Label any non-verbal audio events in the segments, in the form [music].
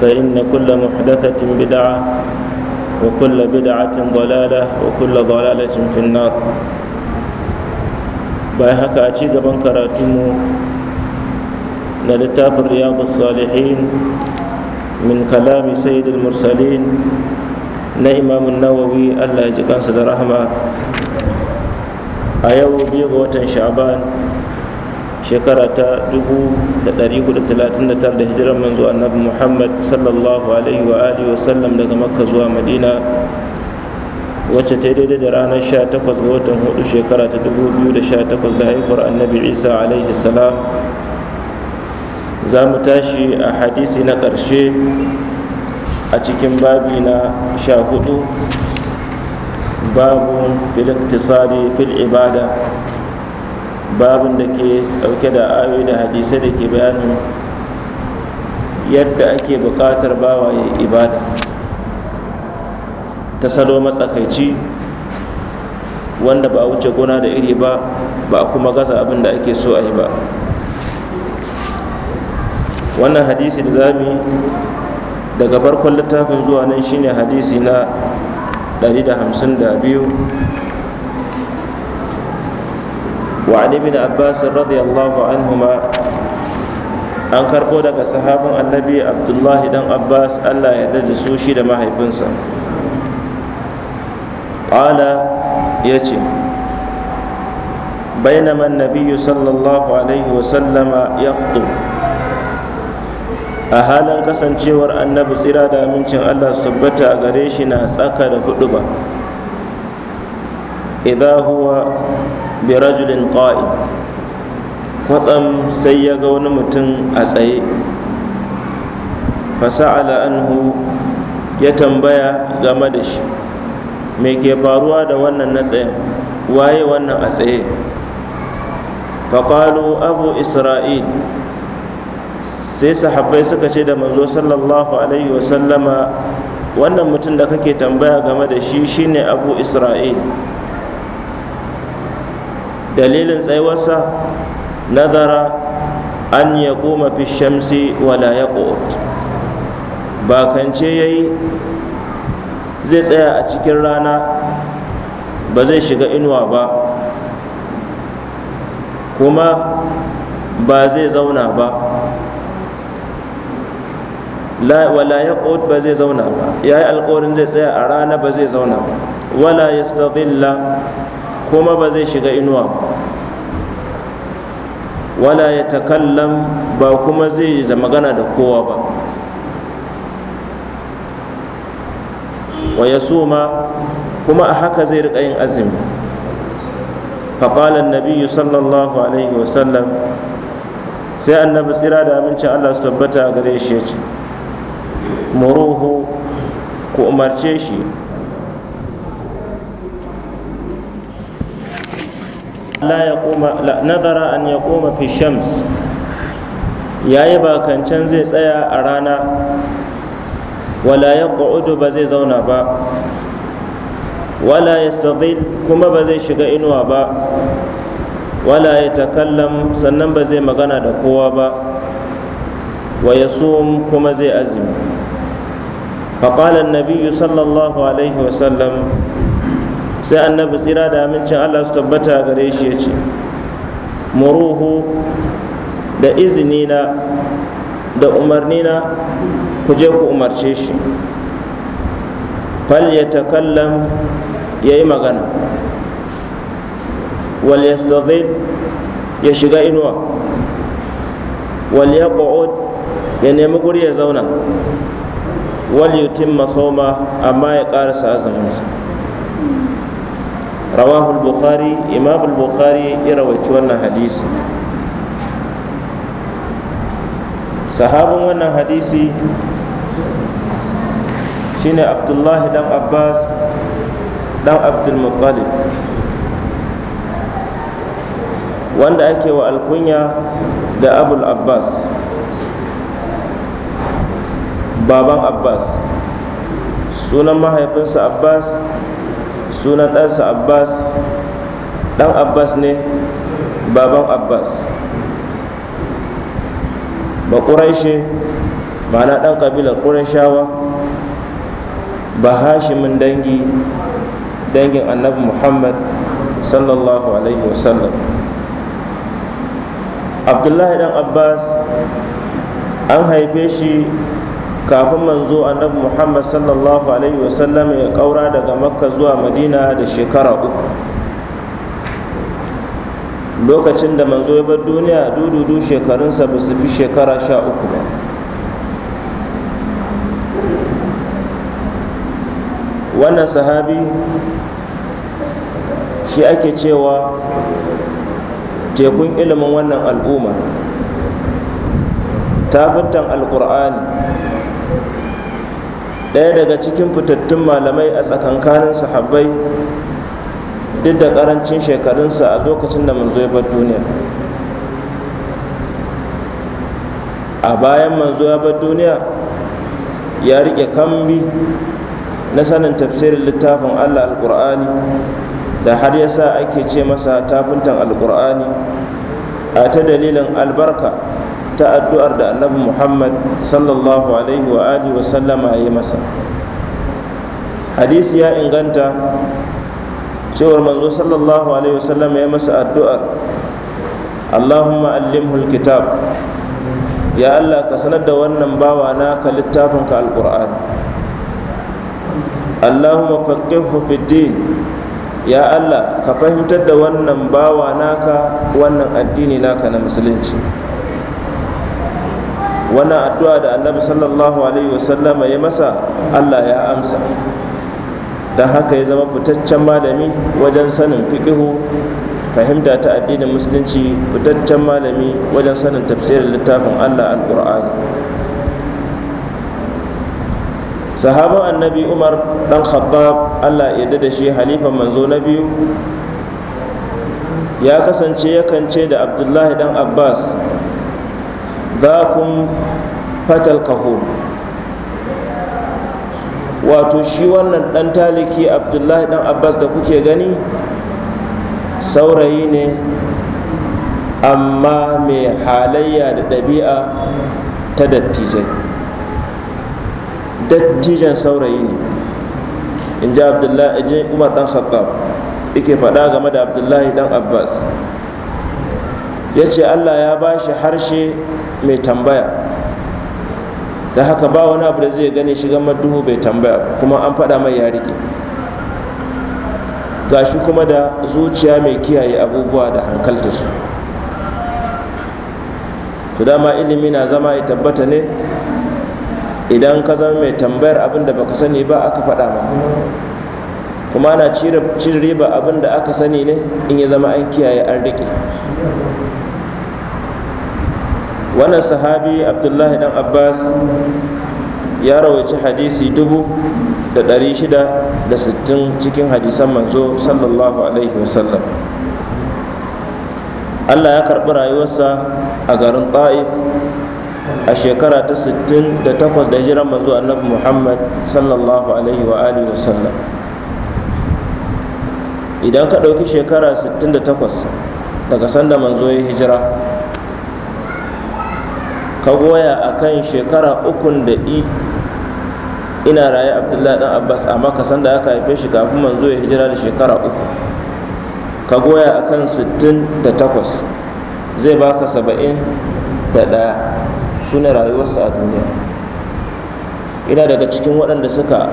فإن كل محدثة بدعة وكل بدعة ضلالة وكل ضلالة في النار باي هكا أشي قبل كراتمو نلتاب رياض الصالحين من كلام سيد المرسلين نإمام النووي الله يجيكان صدر رحمه أيو بيغ وتن شعبان shekara ta 439 da hijirar manzo annabi muhammad sallallahu alaihi wa alihi wasallam daga makka zuwa madina wacce ta daidai da ranar 18 ga watan hudu shekara ta 2018 da haihuwar annabi isa alaihi salam za mu tashi a hadisi na ƙarshe a cikin babi na 14 babu filiktisari fil ibada babin da ke dauke da ayoyi da hadisai da ke bayanin yadda ake bukatar bawa ya ibada ta salo matsakaici wanda ba wuce gona da iri ba ba kuma gasa abin da ake so a yi ba wannan hadisi da zami daga farkon littafin zuwa nan shine hadisi na 152 وعن ابن عباس رضي الله an karɓo daga sahabin annabi abdullahi dan abbas allah ya da su shi da mahaifinsa ƙala ya ce bainama nabiyu sallallahu alaihi wasallama ya fito a halin kasancewar annabi tsira da amincin allah su tabbata gare shi na tsaka da hudu ba idan bi rajulin qa'id kwatsam sai ya ga wani mutum a tsaye fasa'ala anhu ya tambaya game da shi me ke faruwa da wannan na tsaye waye wannan a tsaye faƙalu abu isra'il sai sahabbai suka ce da manzo sallallahu alaihi wasallama wannan mutum da kake tambaya game da shi shine abu isra'il dalilin tsayuwarsa nazara an ya koma fi shamsi wala ya ba ya yi zai tsaya a cikin rana ba zai shiga inuwa ba kuma ba zai zauna ba wala ya ba zai zauna ba ya yi alkawarin zai tsaya a rana ba zai zauna ba wala ya Koma ba zai shiga inuwa ba wala ya takallam ba kuma zai yi magana da kowa ba wa ya ma kuma a haka zai riƙa yin azumi faƙalar nabiyu sallallahu alaihi wasallam sai annabi tsira da amincin allah su tabbata a gare shi ya ce muruhu ku umarce shi Nazara yaquma nadara an yaquma fi shams yayi kancan zai tsaya a rana wala yaqudu ba zai zauna ba wala yastadhil kuma ba zai shiga inuwa ba wala kallan sannan ba zai magana da kowa ba wa yasum kuma zai azumi فقال النبي sallallahu alaihi عليه sai annabi tsira da amincin allah su tabbata gare shi ya ce muruhu da izinina da umarnina ku je ku umarce shi fal ya takallam ya yi magana wal yastadhil ya shiga inuwa wal yaqud ya nemi guri ya zauna wal yutimma soma amma ya ƙarasa azuminsa Rawahul al-bukhari imam bukhari ya rawaici wannan hadisi sahabin wannan hadisi shine abdullahi dan abbas dan abdulmuttalib wanda ake wa alkunya da abul abbas baban abbas sunan mahaifinsa abbas sunan ɗansa abbas ɗan abbas ne baban abbas ba ƙuraishe ma'ana ɗan ƙabilar ƙuraishawa ba hashimin dangi dangin annabi muhammad sallallahu alaihi wasallam abdullahi ɗan abbas an haife shi kafin manzo annabi muhammad sallallahu alaihi wasallam ya kaura daga makka zuwa madina da shekara uku lokacin da manzo ya bar duniya dududu shekarunsa ba su fi shekara sha uku ba wannan sahabi shi ake cewa tekun ilimin wannan al'umma tafitan alkur'ani ɗaya daga cikin fitattun malamai a tsakankanin sahabbai duk da ƙarancin shekarunsa a lokacin da manzo ya bar duniya a bayan manzo ya bar duniya ya riƙe kambi na sanin tafsirin littafin allah alƙur'ani da har yasa ake ce masa tafintan alƙur'ani a ta dalilin albarka Ta'addu'ar da annabi muhammad sallallahu alaihi wa alihi wa sallama ya yi masa hadisi ya inganta cewar manzo sallallahu alaihi wa sallama ya masa addu'ar allahumma allimhu alkitab ya allah ka sanar da wannan bawa naka littafinka alqur'ani allahumma faqihhu fid din ya allah ka fahimtar da wannan bawa naka wannan addini naka na musulunci wannan addu'a da annabi sallallahu alaihi wasallama ya masa allah ya amsa don haka ya zama fitaccen malami wajen sanin fiƙihu fahimta ta addinin musulunci fitaccen malami wajen sanin tafsirin littafin allah alƙur'ani sahaban annabi umar dan khattab allah ya da shi halifan manzo na biyu ya kasance yakan ce da abdullahi dan abbas zakun fatal kahun wato shi wannan ɗan taliki abdullahi ɗan abbas da kuke gani saurayi ne amma mai halayya da ɗabi'a ta dattijai dattijan saurayi ne in ji umar ɗan khattab ike faɗa game da abdullahi ɗan abbas ya ce allah ya ba shi harshe mai tambaya da haka ba wani abu da zai gani shiga maduhu bai tambaya kuma an faɗa mai ya riƙe shi kuma da zuciya mai kiyaye abubuwa da hankalta su to dama ilimi na zama ya tabbata ne idan ka zama mai tambayar abin da baka sani ba aka faɗa maka kuma ana cire riba abin da aka sani ne in ya zama an kiyaye an riƙe wannan sahabi abdullahi dan abbas ya rawaci hadisi dubu da ɗari shida da sittin cikin hadisan manzo sallallahu alaihi wasallam allah ya karɓi rayuwarsa a garin ta'if a shekara ta sittin da takwas da hijiran manzo annabi muhammad sallallahu alaihi wa alihi wasallam idan ka ɗauki shekara 68 daga sanda manzo ya hijira ka goya a kan shekara ukun da i ina raye abdullahi dan abbas amma ka sanda aka haife shi kafin manzo ya hijira da shekara uku ka goya a kan 68 zai baka 70 da ɗaya su ne rayuwarsa a duniya ina daga cikin waɗanda suka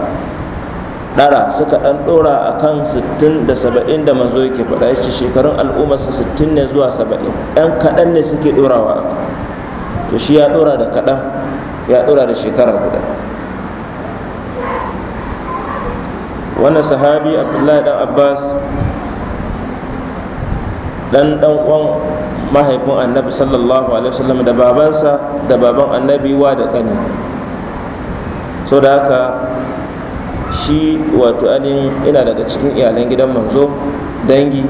ɗara suka ɗan ɗora a kan sittin da saba'in da manzo yake faɗa ya ce shekarun al'ummarsa sittin ne zuwa saba'in ɗan kaɗan ne suke ɗorawa a kan to shi ya ɗora da kaɗan ya ɗora da shekara guda wannan sahabi abdullahi dan abbas dan dan uwan mahaifin annabi sallallahu alaihi wasallam da babansa da baban annabi wa da kani so da haka shi wato ainihin ina daga cikin iyalan gidan manzo dangi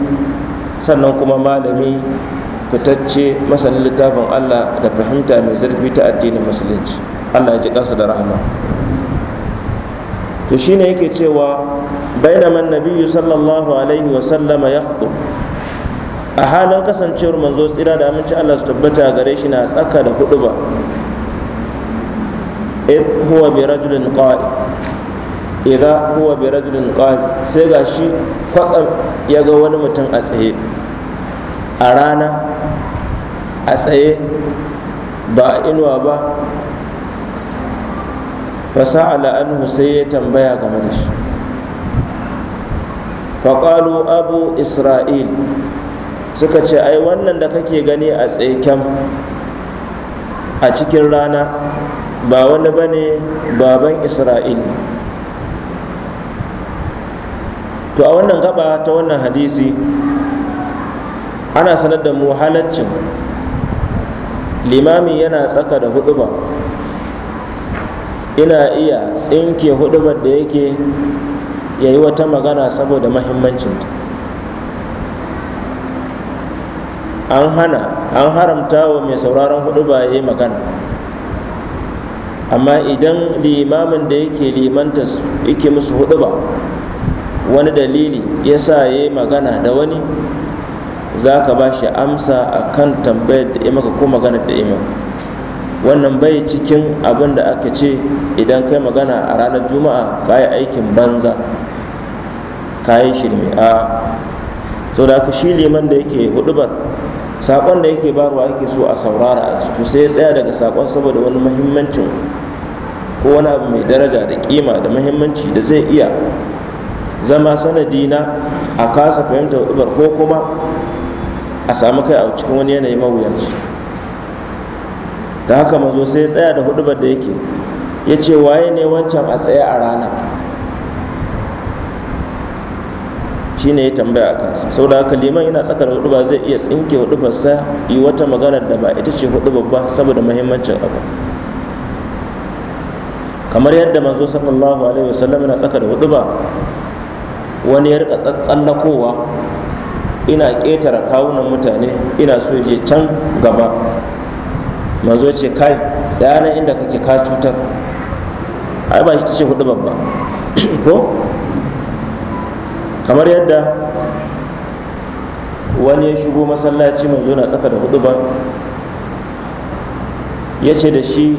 sannan kuma malami fitacce masanin littafin allah da fahimta mai zurfi ta addinin musulunci allah ya ji kansa da rahama to shine yake cewa bainaman nabiyyu sallallahu alaihi wa sallama ya a halin kasancewar manzo tsira da aminci allah su tabbata gare shi na tsaka da hudu ba huwa bi rajulin qa'i idza huwa bi rajulin qal sai gashi kwatsam ya ga wani mutum a tsaye a rana a tsaye ba a inuwa ba sa'ala anhu sai ya tambaya game da shi qalu abu isra'il suka ce ai wannan da kake gani a tsaye kyam a cikin rana ba wani bane baban isra'il to a wannan gaba ta wannan hadisi ana sanar da mu halaccin limami yana tsaka da huduba ina iya tsinke hudubar da yake ya yi wata magana saboda mahimmancinta an hana an haramta wa mai sauraron huduba ya yi magana amma idan limamin da yake limanta yake musu huduba wani dalili ya sa ya yi magana da wani za ka ba shi amsa a kan tambayar da ya maka ko magana da ya maka wannan bai cikin abin da aka ce idan kai magana a ranar juma'a ka yi aikin banza ka yi shirme a sau da aka shi liman da yake hudubar saƙon da yake barwa yake so a saurara a jiki sai ya tsaya daga saƙon saboda wani mahimmancin ko wani abu mai daraja da kima da mahimmanci da zai iya zama sanadina a kasa fahimta ubar ko kuma a samu kai a cikin wani yanayi mawuyaci da haka mazo sai tsaya da hudubar da yake ya ce waye ne wancan a tsaye a rana shi ne ya tambaya a kansa sau da haka liman yana tsakar huduba zai iya tsinke hudubarsa yi wata magana da ba ita ce hudubar ba saboda mahimmancin abu kamar yadda manzo sallallahu alaihi wasallam yana tsakar huduba wani ya rika tsallakowa ina ƙetara kawunan mutane ina so je can gaba manzo ce kai tsayanan inda kake ka cutar ai ba shi ta ce hudu babba [clears throat] ko kamar yadda wani ya shigo masallaci manzo na tsaka da hudu ba ya ce da shi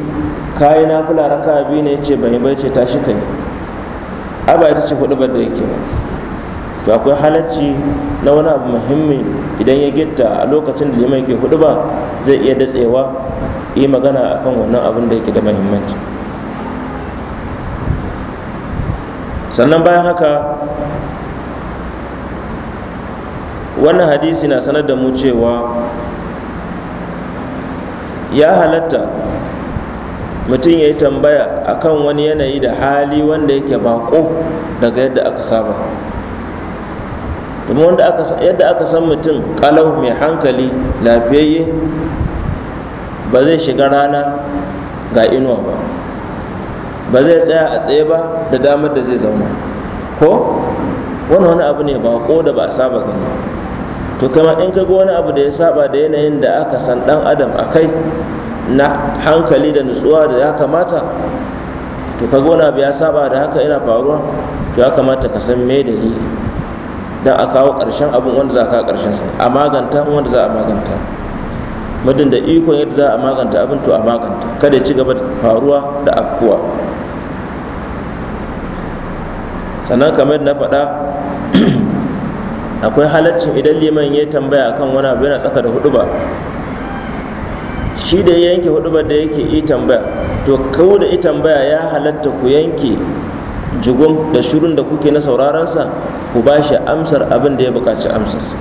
kayi na kula raka biyu ne ya ce bai bai ce tashi kai ai ba ita ce hudu ba da yake ba to akwai halacci na wani abu muhimmi idan ya gitta a lokacin da liman ke hudu ba zai iya datsewa yi magana akan wannan abin da yake da muhimmanci sannan bayan haka wannan hadisi na sanar da mu cewa ya halatta mutum ya yi tambaya akan wani yanayi da hali wanda yake bako daga yadda aka saba domin wanda aka yadda aka san mutum kalau mai hankali lafiyayye ba zai shiga rana ga inuwa ba ba zai tsaya a tsaye ba da damar da zai zauna ko wani wani abu ne ba ko da ba a saba gani to kama in ka ga wani abu da ya saba da yanayin da aka san dan adam a kai na hankali da nutsuwa da ya kamata to ka wani abu ya saba da haka yana faruwa to ya kamata ka san me dalili don a kawo ƙarshen abin wanda za a kawo ƙarshen sa a maganta wanda za a maganta muddin da ikon yadda za a maganta abin to a maganta kada ya ci gaba da faruwa da afkuwa sannan kamar na faɗa [clears throat] akwai halarcin idan liman ya tambaya kan wani abu yana tsaka da huduba shi da ya yanke hudubar da yake yi tambaya to kawo da yi tambaya ya halatta ku yanke jigon da shirin da kuke na saurarensa ku ba shi amsar abin da ya bukaci amsarsa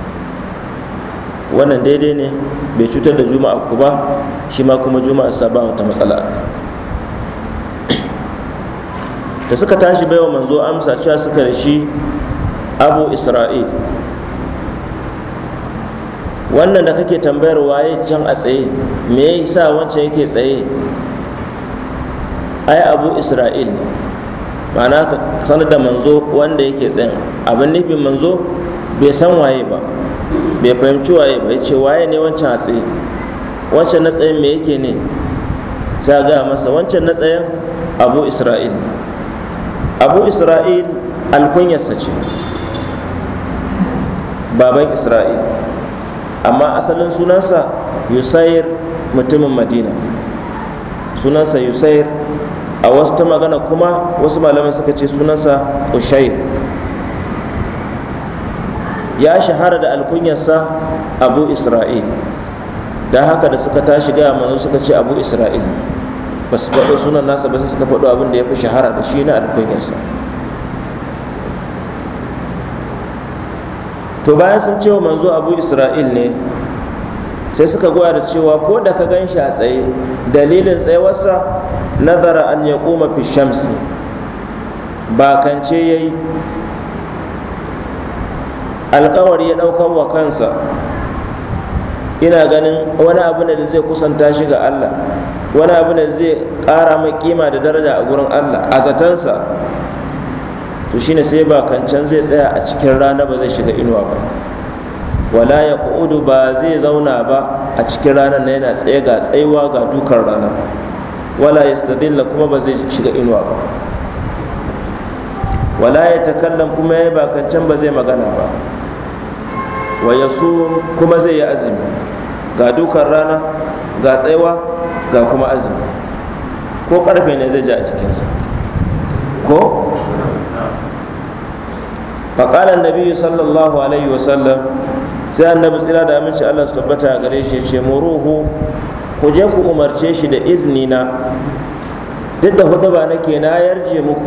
wannan daidai ne bai cutar da juma'a ku ba shi ma kuma juma'a sa ba wata matsala da suka tashi baiwa manzo amsa cewa suka da shi abu isra'il wannan da kake tambayar waye can a tsaye me sa wancan yake tsaye ai abu isra'il ma'ana sanar da manzo wanda yake tsayin abin nufin manzo bai san waye ba bai fahimci waye ba ya ce waye ne wancan a tsaye wancan na tsayin me yake ne sai gaya masa wancan na tsayin abu isra'il abu isra'il alkunyarsa ce baban isra'il amma asalin sunansa yusair mutumin madina sunansa yusair a wasu ta magana kuma wasu malaman suka ce sunansa kushair ya shahara da alkunyarsa abu isra'il da haka da suka tashi gaya manzo suka ce abu isra'il ba su faɗo sunan nasa ba sai suka faɗo abin da ya fi shahara da shi na alkunyarsa to bayan sun cewa manzo abu isra'il ne sai suka goya da cewa ko da ka gan shi a tsaye dalilin tsayawarsa nazara an ya koma fi shamsi bakance ya yi alkawari ya ɗaukar wa kansa ina ganin wani abu ne da zai kusanta shi ga allah wani abu ne zai ƙara mai kima da daraja a gurin allah a zatansa to shine sai bakancan zai tsaya a cikin rana ba zai shiga inuwa ba wala ya ba zai zauna ba a cikin ranar na yana tsaye ga tsayuwa ga dukan rana wala yastadilla kuma ba zai shiga inuwa ba wala ya takallam kuma ya bakancan ba zai magana ba wa ya kuma zai yi azumi ga dukan rana ga tsaiwa ga kuma azumi ko karfe ne zai ji a jikinsa ko faƙala nabi sallallahu alaihi wasallam sai annabi tsira da aminci allah su tabbata a gare shi ya ce muruhu ku je ku umarce shi da izini na duk da hudu ba nake na yarje muku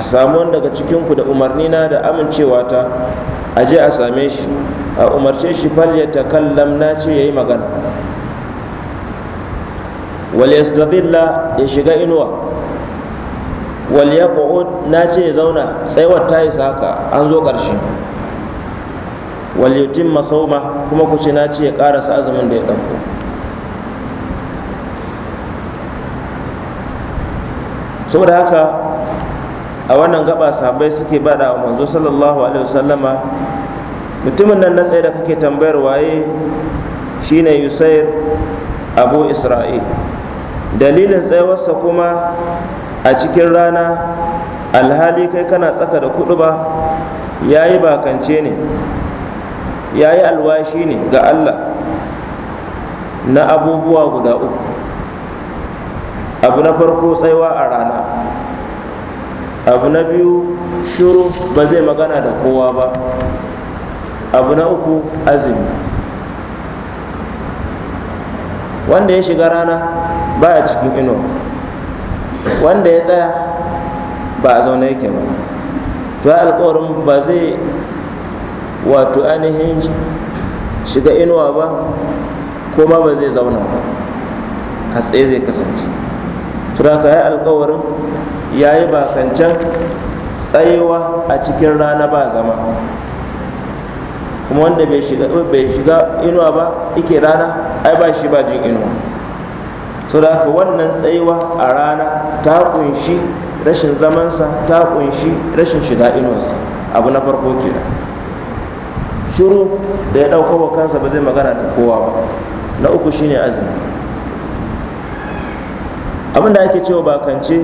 a samu wani daga cikinku da umarni da amincewa ta a je a same shi a umarce shi fal ya kallam na ce ya yi magana wal yastadilla ya shiga inuwa wal yaqud na ce ya zauna tsayawar ta yi haka an zo ƙarshe wal masauma kuma ku ce na ce ya ƙarasa azumin da ya ɗauko saboda haka a wannan gaba sabai suke bada wa manzo sallallahu alaihi wasallama mutumin nan na tsaye da kake tambayar waye shine yusair abu isra'il dalilin tsayawarsa kuma a cikin rana alhali kai kana tsaka da kudu ba ya yi bakance ne ya yi alwashi ne ga allah na abubuwa guda uku abu na farko tsaiwa a rana abu na biyu shuru ba zai magana da kowa ba abu na uku azumi wanda ya shiga rana ba a cikin inuwa wanda ya tsaya ba a zaune yake ba to ya alkawarin ba zai wato ainihin shiga inuwa ba kuma ba zai zauna ba a tsaye zai kasance turaka ya alkawarin ya yi bakancan tsayewa a cikin rana ba zama kuma wanda bai shiga inuwa ba ike rana ai ba shi ba jin inuwa to haka wannan tsayewa a rana ta kunshi rashin zamansa ta kunshi rashin shiga inuwarsa abu na farko kenan shuru da ya ɗauka wa kansa ba zai magana da kowa ba na uku shine azumi abin da ake cewa ba kance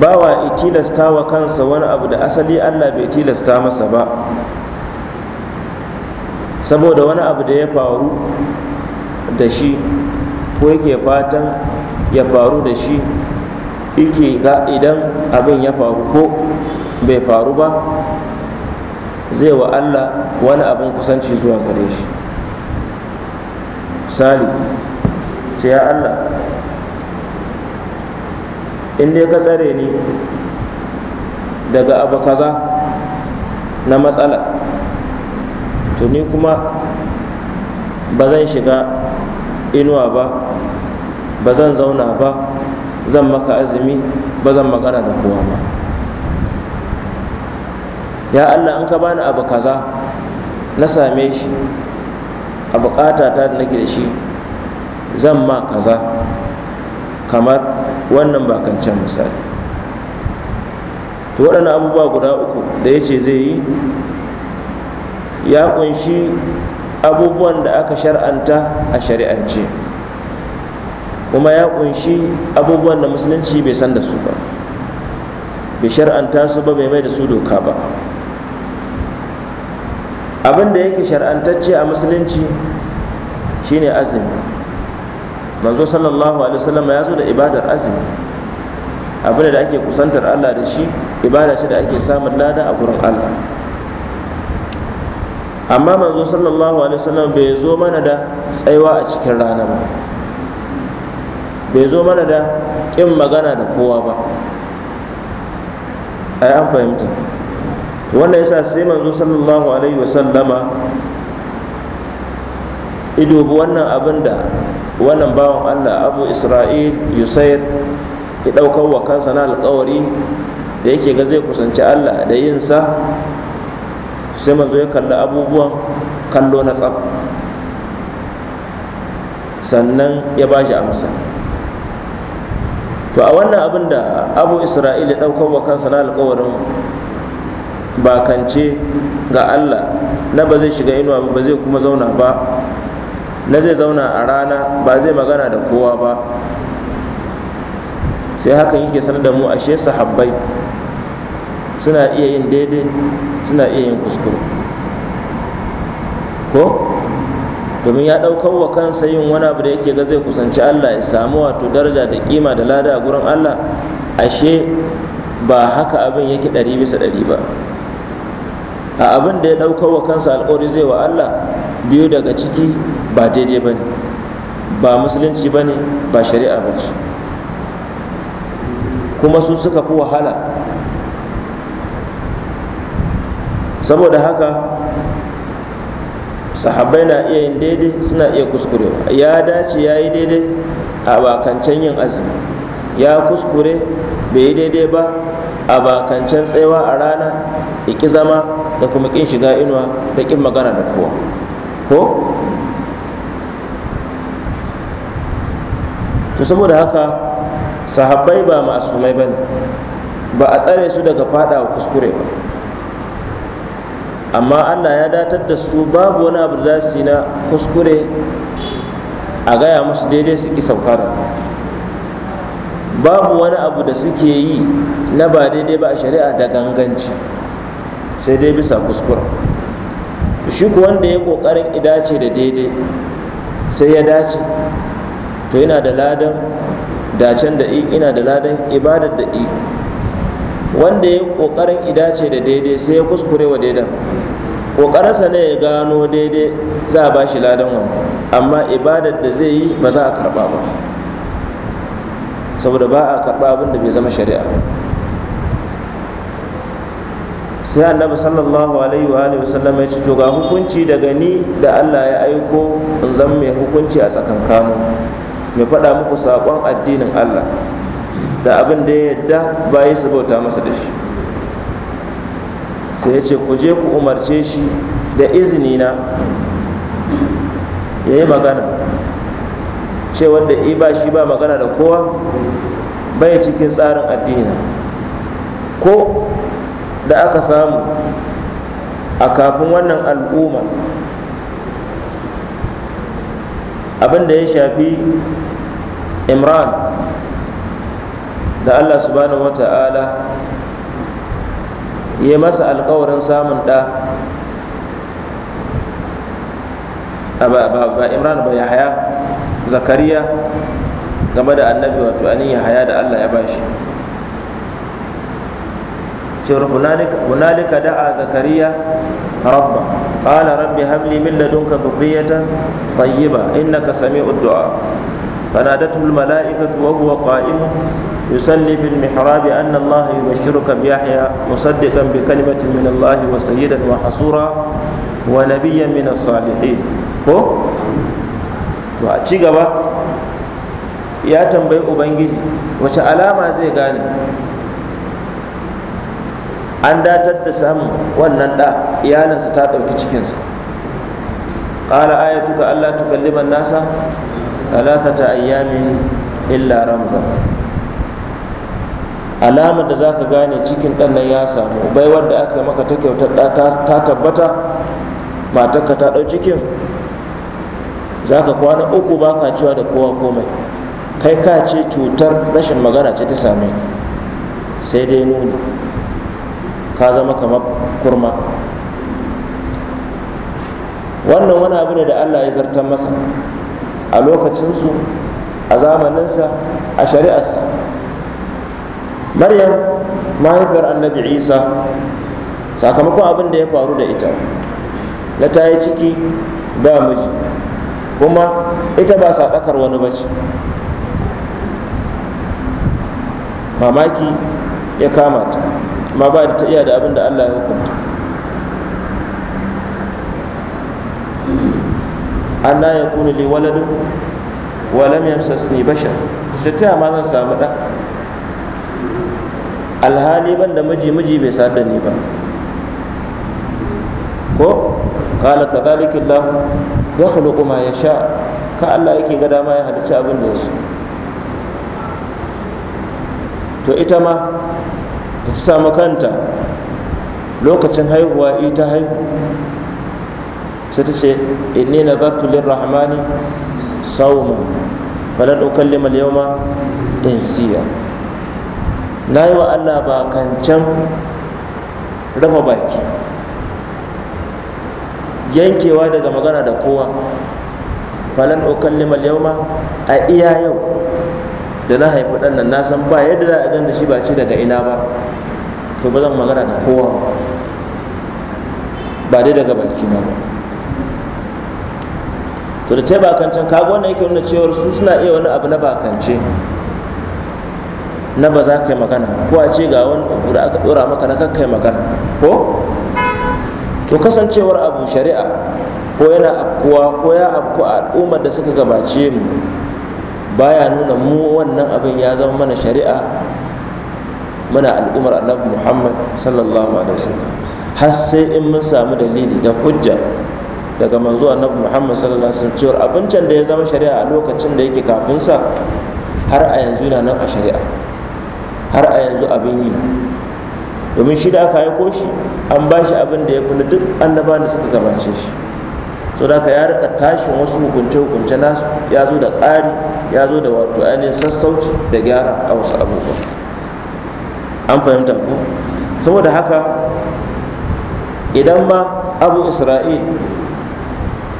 ba wa tilasta wa kansa wani abu da asali allah bai tilasta masa ba saboda wani abu da ya faru da shi ko yake fatan ya faru da shi yake ga idan abin ya faru ko bai faru ba zai wa allah wani abin kusanci zuwa gare shi misali ce ya allah in dai ka tsare ni daga abu kaza na matsala to ni kuma ba zan shiga inuwa ba ba zan zauna ba zan maka azumi ba zan magana da kowa ba ya allah in ka bani abu kaza na same shi a bukata ta da nake da shi zan ma kaza kamar wannan ba kancan misali to waɗannan abubuwa guda uku da ya ce zai yi ya kunshi abubuwan da aka shar'anta a shari'ance kuma ya kunshi abubuwan da musulunci bai san da su ba bai shar'anta su ba bai mai da su doka ba abin da yake shar'antacce a musulunci shine azumi manzo sallallahu alaihi wasallam ya zo da ibadar azumi abin da ake kusantar Allah da shi ibada ce da ake samun lada a gurin Allah amma manzo sallallahu alaihi wasallam bai zo mana da tsaiwa a cikin rana ba bai zo mana da ƙin magana da kowa ba ai an fahimta to wannan yasa sai manzo sallallahu alaihi wasallama ido bi wannan abin da wannan bawan allah abu isra'il yusair ya ɗaukar wa kansa na alkawari da yake ga zai kusanci allah da yinsa sai manzo ya kalli abubuwan kallo na tsab sannan ya ba shi amsa to a wannan abin da abu isra'il ya ɗaukar wa kansa na alkawarin bakance ga allah na ba zai shiga inuwa ba zai kuma zauna ba na zai zauna a rana ba zai magana da kowa ba sai hakan yake sanar da mu ashe sahabbai suna iya yin daidai suna iya yin kuskure ko domin ya ɗaukar wa kansa yin wani abu da yake ga zai kusanci allah ya samu wato daraja da kima da lada a gurin allah ashe ba haka abin yake ɗari bisa ɗari ba a abin da ya ɗaukar wa kansa alƙawari zai wa allah biyu daga ciki ba daidai ba ba musulunci ba ne ba shari'a ba ce kuma su suka fi wahala saboda haka sahabbai na iya yin daidai suna iya kuskurewa ya dace ya yi daidai a bakancan yin azumi ya kuskure bai yi daidai ba a bakancan tsayawa a rana iki zama da kuma kin shiga inuwa da kin magana da kowa ko to saboda haka sahabbai ba masumai ba ne ba a tsare su daga fada wa kuskure ba amma allah ya datar da su babu wani abu da su na kuskure a gaya musu daidai suke sauka da ku. babu wani abu da suke yi na ba daidai ba a shari'a da ganganci sai dai bisa kuskure shi ku wanda ya kokarin idace da daidai sai ya dace to yana da ladan dacen da ina da ladan ibadar da i wanda ya kokarin idace da daidai sai ya kuskure wa daidan kokarinsa ne ya gano daidai za a bashi ladan wani amma ibadar da zai yi ba za a karba ba saboda ba a karba abin da bai zama shari'a sai annabi sallallahu alaihi wa alihi wasallam ya ce to ga hukunci daga ni da Allah ya aiko in zan mai hukunci a tsakankanin mai faɗa muku saƙon addinin Allah da abin da ya yadda bayi su bauta masa da shi sai ya ce ku je ku umarce shi da izini na ya yi magana cewar da ba shi ba magana da kowa bai cikin tsarin addini ko da aka samu a kafin wannan al'umma abin da ya shafi imran da allah subhanahu wata'ala ya masa alkawarin samun ɗa ba imran ba yahaya zakariya game da annabi wato anin yahaya da allah ya bashi cewar hunalika da'a zakariya ربه قال رب هب لي من لدنك ذرية طيبة إنك سميع الدعاء فنادته الملائكة وهو قائم يصلي في المحراب أن الله يبشرك بيحيى مصدقا بكلمة من الله وسيدا وحصورا ونبيا من الصالحين هو to a ci gaba ya tambayi ubangiji wace alama zai gane an datar da samun wannan ɗa iyalinsa ta ɗauki cikinsa ƙala ayatuka allah tukalliman nasa talatata ayyamin illa ramza alamar da za ka gane cikin ɗannan ya samu bai wadda aka maka ta kyautar ta tabbata matarka ta ɗau cikin za ka kwana uku ba ka cewa da kowa komai kai ka ce cutar rashin magana ce ta same ka sai dai nuni ka zama kamar kurma wannan wani abu ne da allah ya zartar masa a lokacinsu a zamaninsa a shari'arsa maryam mahaifiyar annabi isa sakamakon abin da ya faru da ita na ta yi ciki ba miji kuma ita ba sa tsakar wani bace mamaki ya kama ta amma ba da ta iya da abin da Allah ya hukunta Allah ya kuni li waladu wa lam yamsasni bashar ta ta ma zan samu da alhali ban da miji miji bai sa da ni ba ko qala kadhalika Allah yakhluqu ma sha, ka Allah yake ga dama ya halicci abin da ya so to ita ma da ta samu kanta lokacin haihuwa ita haihu sai ta ce inni nazartu lirrahmani sauma falan yau ma in siya." na yi wa allah ba kancan raba baki yankewa daga magana da kowa falan limal yau ma a iya yau da na haifi ɗan nan na san ba yadda za a gan da shi ba ce daga ina ba to ba zan magana da kowa ba dai daga na ba to da ta bakancin kaga wannan yake nuna cewar su suna iya wani abu na bakance na ba za ka yi magana ko a ce ga wani abu da aka dora maka na kakkai magana ko to kasancewar abu shari'a ko yana afkuwa ko ya afku a al'ummar da suka gabace mu baya nuna mu wannan abin ya zama mana shari'a muna al'ummar annabi muhammad sallallahu alaihi wasallam har sai in mun samu dalili da hujja daga manzo annabi muhammad sallallahu alaihi wasallam cewa abincin da ya zama shari'a a lokacin da yake kafin sa har a yanzu yana nan a shari'a har a yanzu abin yi domin shi da aka haiko shi an ba shi abin da ya kula duk annabawan da suka gabace shi sau da ya rika tashin wasu hukunce hukunce nasu ya zo da ƙari ya zo da wato ainihin sassauci da gyara a wasu abubuwa an fahimta ko saboda haka idan ma abu isra'il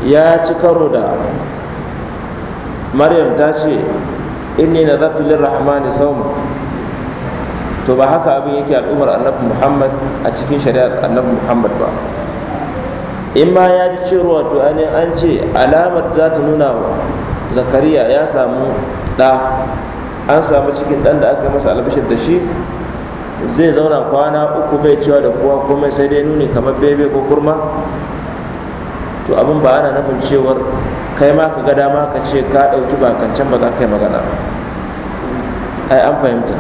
ya ci karo da maryam ta ce inni na zaftulin rahmani sauma to ba haka abin yake al'ummar annabi muhammad a cikin shari'ar annabi muhammad ba in ma ya ji cewa to an ce alamar za ta nuna wa zakariya ya samu ɗa an samu cikin ɗan da aka masa albishir da shi zai zauna kwana uku bai cewa da kowa komai sai dai nuni kamar bebe ko kurma to abin ba ana nufin cewar kai ma ka ga dama ka ce ka ɗauki bakancan ba za ka yi magana ai an fahimta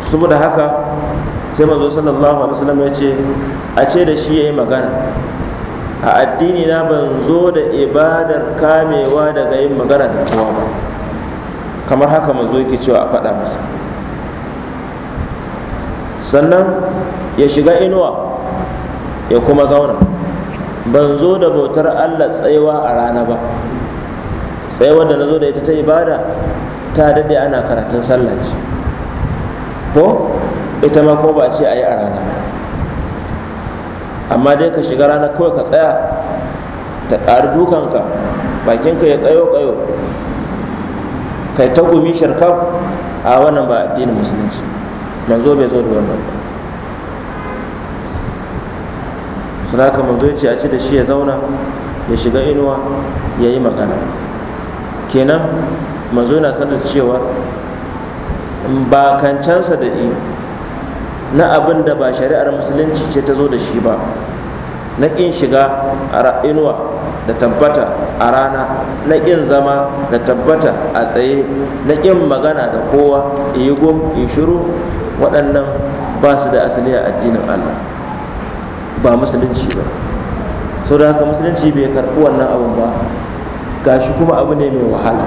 saboda haka sai manzo sallallahu alaihi wasallam ya ce a ce da shi ya yi magana a addini na ban zo da ibadar kamewa daga yin magana da kowa ba kamar haka mazo yake cewa a faɗa masa sannan ya shiga inuwa ya kuma zauna ban zo da bautar allah tsayawa a rana ba tsayawar da na zo da ita ta ibada ta daɗe ana karatun sallaci, ce ko ita ma ko ba ce a yi a rana ba amma dai ka shiga rana kawai ka tsaya ta ƙari dukanka bakinka ya ƙayo kayo kai ta gumi sharkar a wannan ba addinin musulunci manzo bai zo da wannan ba suna ka manzo ya ce a ci da shi ya zauna ya shiga inuwa ya yi magana kenan manzo yana sanar cewa ba kancansa da i na abin da ba shari'ar musulunci ce ta zo da shi ba na ƙin shiga a inuwa da tabbata a rana na ƙin zama da tabbata a tsaye na ƙin magana da kowa yi gum yi shiru waɗannan ba su da asali a addinin allah ba musulunci ba sau da haka musulunci bai karɓi wannan abin ba shi kuma abu ne mai wahala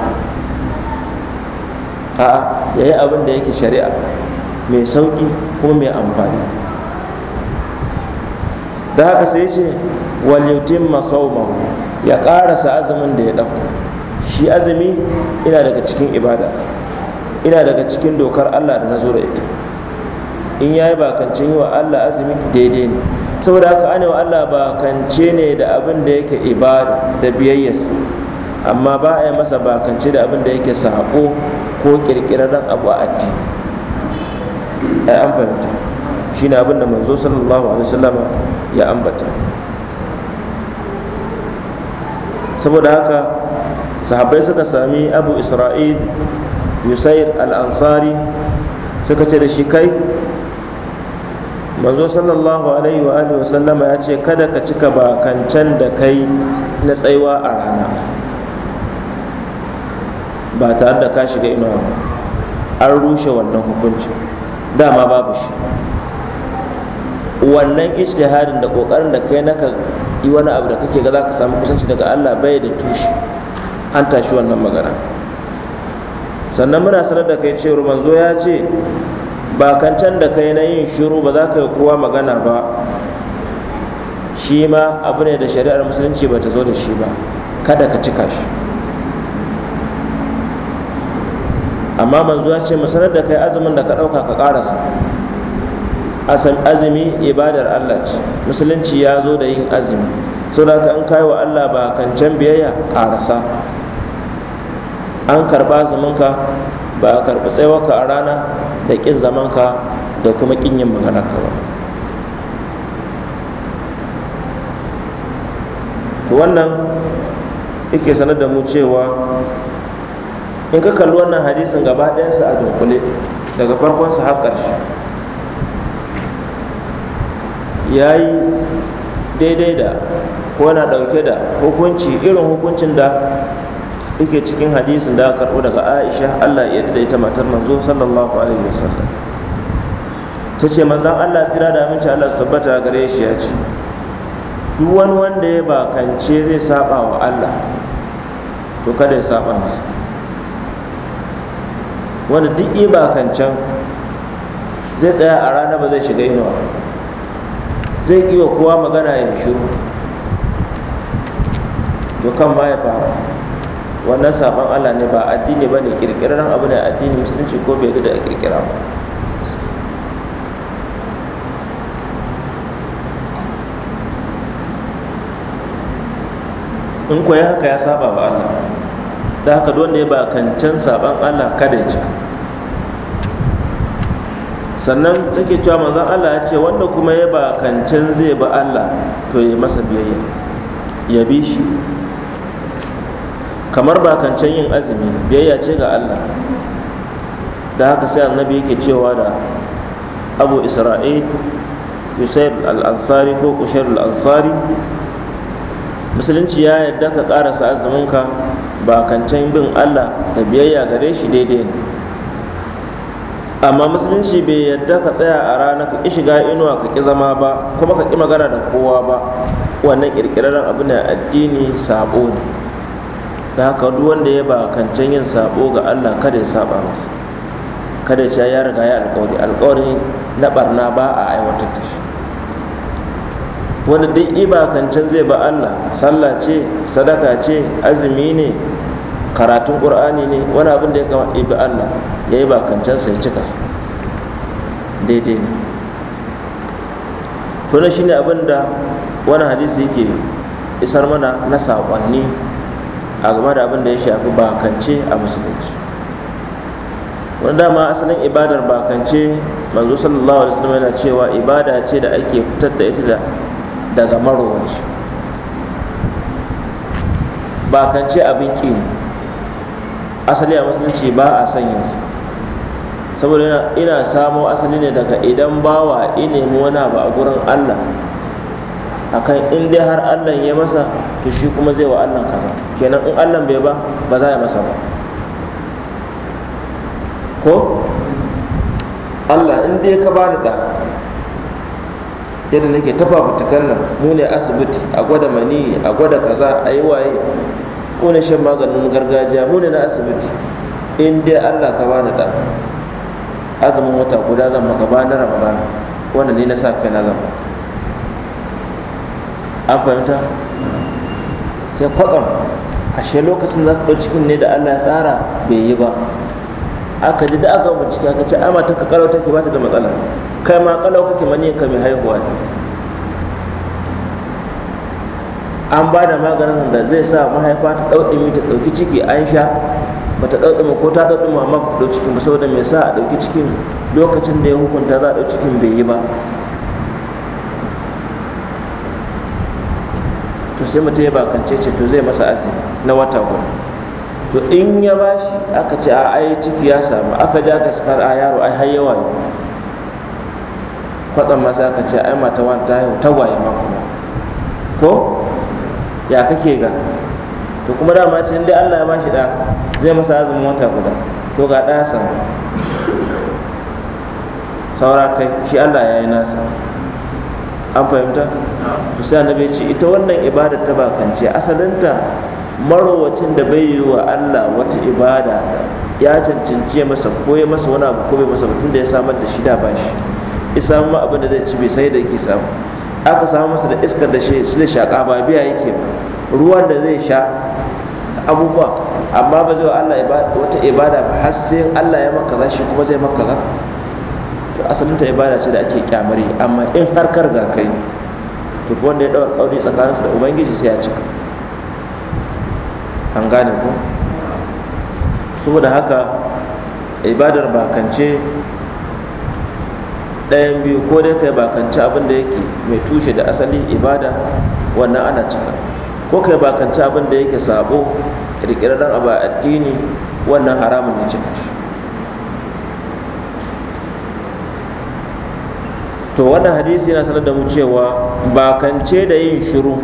a'a yayi abin da yake shari'a mai sauƙi kuma mai amfani da haka sai ce wal yutimma ya karasa azumin da ya dauko shi azumi ina daga cikin ibada ina daga cikin dokar Allah da zo da ita in ya yi bakancin yi wa Allah azumi daidai ne saboda haka ana wa Allah bakance ne da abin da yake ibada da biyayyarsa amma ba a yi masa bakance da abin da yake sako ko kirkirarren abu a addini an amfani Shin abin da manzo sallallahu alaihi wasallama ya ambata saboda haka sahabbai suka sami abu isra'il yusair al-ansari suka ce da shi kai manzo sallallahu alaihi wa alihi wasallama ya ce kada ka cika bakancan da kai na tsaiwa a rana ba tare da ka shiga inuwa ba an rushe wannan hukuncin dama babu shi wannan ijtihadin da kokarin da kai naka yi wani abu da kake ga za ka samu kusanci daga Allah bai da tushe an tashi wannan magana sannan muna sanar da kai cewar manzo ya ce ba kancan da kai na yin shiru ba za ka yi kowa magana ba shi ma abu ne da shari'ar musulunci ba ta zo da shi ba kada ka cika shi amma manzo ya ce mu sanar da kai azumin da ka ɗauka ka ƙarasa azumi ibadar Allah ce musulunci ya zo da yin azumi saboda ka in kai wa Allah ba kancan biyayya a rasa. an karba zamanka ba a karbi ka a rana da kin zamanka da kuma kin yin maganarka ba to wannan yake sanar da mu cewa in ka kalli wannan hadisin gaba ɗayansa a dunkule daga farkonsa har ƙarshe ya yi daidai da ko na ɗauke da hukunci irin hukuncin da yake cikin hadisin da aka karɓo daga aisha allah ya da matar manzo sallallahu alaihi wasallam ta ce manzan allah tsira da aminci allah su tabbata gare shi ya ce duk wani wanda ya bakance zai saba wa allah to kada ya saba masa wanda duk yi bakancan zai tsaya a rana ba zai shiga inuwa zai kiwa kowa magana ya shiru to kan ma ya fara wannan sabon Allah ne ba addini ba ne kirkirar abu ne addini musulunci ko bai da kirkira ba in koyi haka ya saba wa Allah da haka don ne ba kancan sabon Allah kada ya cika sannan take cewa manzon Allah ya ce wanda kuma ya ba kancan zai ba Allah to ya masa biyayya ya bi shi kamar ba kancan yin azumi biyayya ce ga Allah da haka sai annabi yake cewa da abu isra'il yusair al-ansari ko kushair al-ansari musulunci ya yadda ka karasa azuminka ba kancan bin Allah da biyayya gare shi daidai ne amma musulunci bai yadda ka tsaya a rana ka ƙi shiga inuwa ka ƙi zama ba kuma ka ƙi magana da kowa ba wannan ƙirƙirarren abu ne addini saɓo ne da haka duk wanda ya ba kancan yin saɓo ga allah kada ya saba masa kada ya ce ya riga ya alƙawari alƙawari na barna ba a aiwatar da shi wanda duk kancan zai ba Allah sallah ce sadaka ce azumi ne karatun ƙur'ani ne wani abin da ya kama ibi allah ya yi bakancan ya cika sa daidai ne tunan shine abin da wani hadisi yake isar mana na saƙonni a game da abin da ya shafi bakance a musulunci wani dama asalin ibadar bakance manzo sallallahu alaihi wasallam yana cewa ibada ce da ake fitar da ita daga marowaci bakance abin ƙi ne asali a musulunci ba a sanya su saboda ina samo asali ne daga idan bawa inemi wani abu a gurin allah akan in dai har allah ya masa to shi kuma zai wa allah kaza kenan in allah bai ba ba za ya masa ba ko allah in dai ka bani da yadda nake tafa butukan nan mu ne asibiti a gwada mani a gwada kaza a yi waye Ko ne shan maganin gargajiya mu ne na asibiti in dai allah ka bani da azumin wata guda zan maka ba na ramadan wanda ni na sa kai na zan maka an fahimta sai kwatsam ashe lokacin za su ɗau cikin ne da allah ya tsara bai yi ba aka ji da aka cikin aka ce ama ta ka kalau take ba ta da matsala kai ma kalau kake mani ka mai haihuwa ne an ba da maganin da zai sa mahaifa ta ɗauɗumi ta ɗauki ciki Aisha ba ta ɗauɗuma ko ta ɗauɗuma amma ba ta ɗauki cikin ba saboda mai sa a ɗauki cikin lokacin da ya hukunta za a ɗauki cikin bai yi ba to sai mutum ya bakance ce to zai masa azi na wata guda to in ya bashi aka ce a ai ciki ya samu aka ja gaskar a yaro ai har yawa kwatsam masa aka ce ai mata wani ta haihu tagwaye ma kuma ko ya kake ga to kuma dama ce inda Allah ya bashi da zai masa azumin wata guda to ga ɗa san saura kai shi Allah ya yi nasa an fahimta to sai annabi ya ce ita wannan ibada ta bakance asalinta marowacin da bai yi wa Allah wata ibada ya cancanci masa ko ya masa wani abu ko bai masa mutum da ya samar da shi da bashi isa ma abin da zai ci bai sai da ke samu aka samu masa da iskar da shi zai shaƙa ba biya yake ba ruwan da zai sha abubuwa amma ba zai wa Allah wata ibada ba har sai Allah ya maka shi kuma zai maka za to asalin ta ibada ce da ake kyamari amma in har kar ga kai to wanda ya daura kauri tsakaninsa da ubangiji sai ya cika an gane ko saboda haka ibadar bakance ɗayan biyu ko dai kai bakanci abin da yake mai tushe da asali ibada wannan ana cika ko kai bakanci abin da yake sabo ƙirƙirarren abu a addini wannan haramun ne cika shi to wannan hadisi yana sanar da mu cewa bakance da yin shiru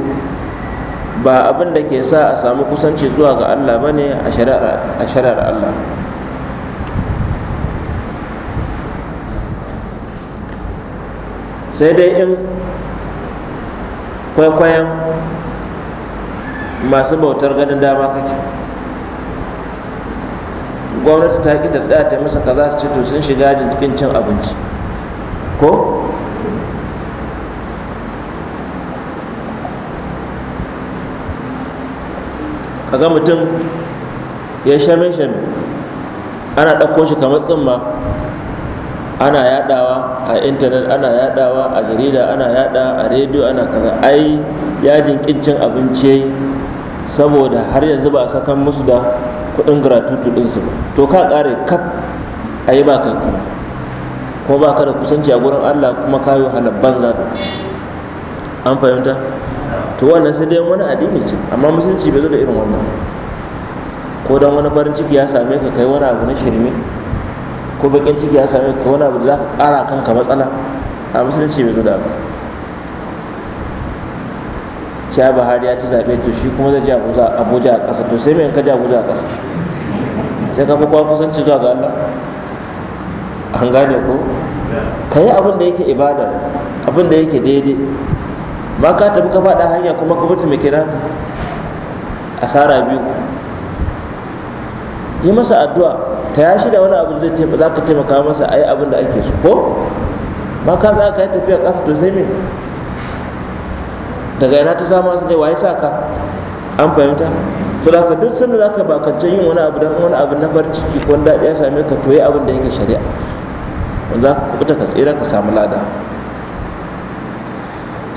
ba abin da ke sa a samu kusanci zuwa ga allah ba ne a shari'ar allah sai dai in kwaikwayon masu bautar ganin dama kake gwamnati ta ƙi ta tsaya ta masa kaza su ci to sun shiga jikin cin abinci ko kaga mutum ya shame-shame ana ɗauko shi kamar tsumma ana yadawa a intanet ana yadawa a jarida ana yada a rediyo ana kaza ai yajin kincin abinci saboda har yanzu ba a sakan musu da kudin gratutu ɗinsu ba to ka kare kaf a yi ba kai kuma ko ba ka da kusanci a gurin allah kuma kayo halar banza an fahimta to wannan sai dai wani addini ce amma musulunci bai zo da irin wannan ko dan wani farin ciki ya same ka kai wani abu na shirme ko bakin ciki ya same ka wani abu da za ka ƙara kanka matsala a musulunci bai zo da haka sha buhari ya ci zaɓe to shi kuma zai a abuja a ƙasa to sai mai ka jaguza a ƙasa sai ka fi kusanci zuwa ga allah an gane ko ka yi abin da yake ibada abin da yake daidai ba ka tafi ka faɗa hanya kuma ka mutu mai kira ka asara biyu yi masa addu'a ta yashi da wani abu zai ce ba za ka taimaka masa a yi abin da ake so ko ma ka za ka yi tafiya ƙasa to sai me daga yana ta samu asali waye sa ka an fahimta to da ka duk sanda za ka bakance yin wani abu don wani abu na farin ciki ko wani daɗi ya same ka to yi abin da yake shari'a wanda za ka kubuta ka tsira ka samu lada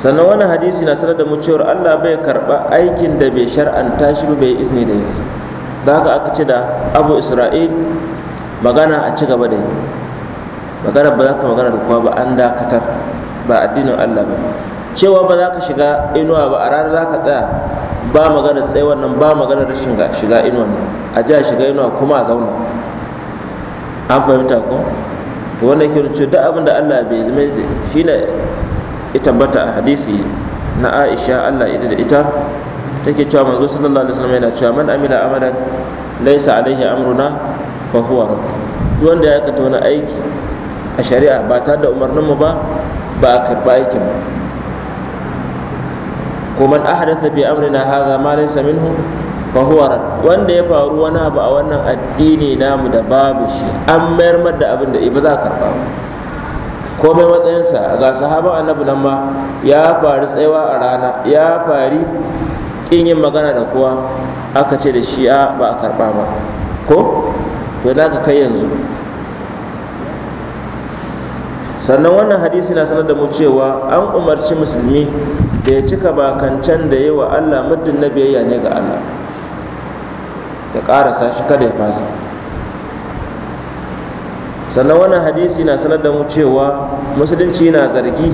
sannan wani hadisi na sanar da mu cewar allah bai karɓa aikin da bai shar'anta shi ba bai izini da yinsa da haka aka ce da abu isra'il magana a ci gaba da yi magana ba za ka magana da kowa ba an dakatar ba addinin allah ba cewa ba za ka shiga inuwa ba a ranar za ka tsaya ba magana tsaye wannan ba magana rashin shiga inuwa ne a ji a shiga inuwa kuma a zauna an fahimta ko to wannan ke cewa duk abin da allah bai zama shi ne ita tabbata a hadisi na aisha allah ita da ita take cewa manzo sallallahu alaihi wasallam yana cewa man amila amalan laysa alaihi amruna fa huwa rabb duk wanda ya aikata wani aiki a shari'a ba tare da umarnin mu ba ba a karba aikin ba ko man ahdatha bi amrina hadha ma laysa minhu fa huwa rabb wanda ya faru wani abu a wannan addini namu da babu shi an mayar da abin da ba za a karba ba komai matsayinsa ga sahaban annabi nan ma ya faru tsayawa a rana ya faru. kin yin magana da kowa aka ce da shi a ba a karɓa ba ko to da ka kai yanzu sannan wannan hadisi na sanar da mu cewa an umarci musulmi da ya cika bakancan da yi wa allah muddin na biyayya ne ga allah ya karasa shi kada ya fasa sannan wannan hadisi na sanar da mu cewa musulunci na zargi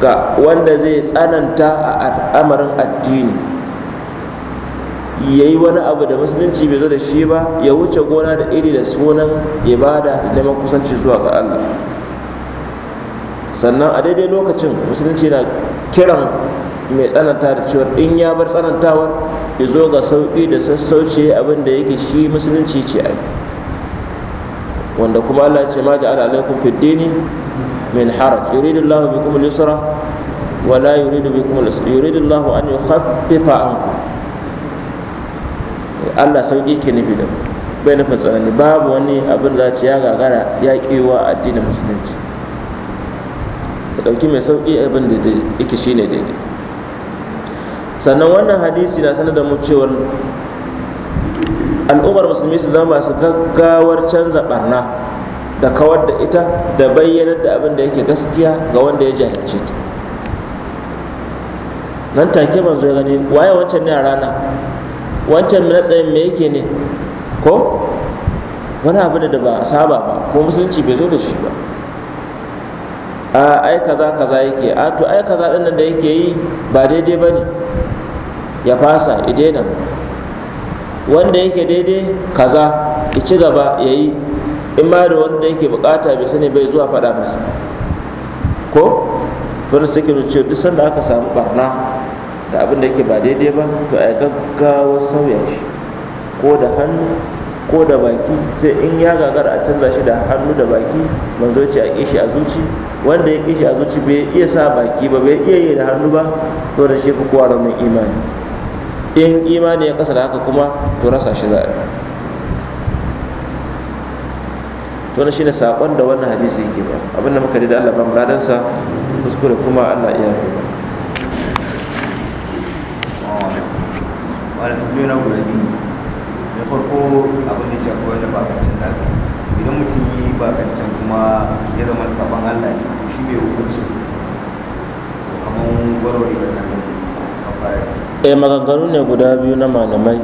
ga wanda zai tsananta a al'amarin addini ya yi wani abu da musulunci bai zo da shi ba ya wuce gona da iri da sunan ibada da neman kusanci zuwa ga allah sannan a daidai lokacin musulunci na kiran mai tsananta da cewar in ya bar tsanantawar ya zo ga sauƙi da sassauce abinda da yake shi musulunci ce aiki wanda kuma allah ce ma ja'ala alaikum fiddini من حرج yuridu الله بكم al ولا يريد بكم yuridu يريد الله أن yuridu عنكم Allah sauki ke nufi da bai nufin tsanani babu wani abin da ya gagara ya kiwa addinin musulunci ka ɗauki mai sauki abin da yake ne daidai sannan wannan hadisi na sanar da mu cewa al'ummar musulmi su zama su gaggawar canza barna da kawar da ita da bayyanar da abin da yake gaskiya ga wanda ya jahilce ta nan take manzo ya gani waye wancan ne a rana wancan na tsayin me yake ne ko wani abu da ba a saba ba ko musulunci bai zo da shi ba a ai kaza kaza yake a to ai kaza din nan da yake yi ba daidai ba ne ya fasa ya daina wanda yake daidai kaza ya ci gaba ya yi in ma da wanda yake bukata bai sani bai zuwa faɗa masa ko fara suke da cewa duk sanda aka samu barna da abin da yake ba daidai ba to a gaggawa sauya shi ko da hannu ko da baki sai in ya gagara a canza shi da hannu da baki manzo ce a kishi a zuci wanda ya kishi a zuci bai iya sa baki ba bai iya yi da hannu ba to da shi fi kowa mai imani in imani ya kasa da haka kuma to rasa shi za a yi to na shine sakon da wannan hadisi yake ba abin da muka da Allah ba muradan sa kuskure kuma Allah iya ku wala tabbiyo na guda biyu da farko abin da shafi wani bakancin da idan mutum yi bakancin kuma ya zama sabon Allah ne to shi ne hukunci kamar warware wannan kafara eh maganganu ne guda biyu na malamai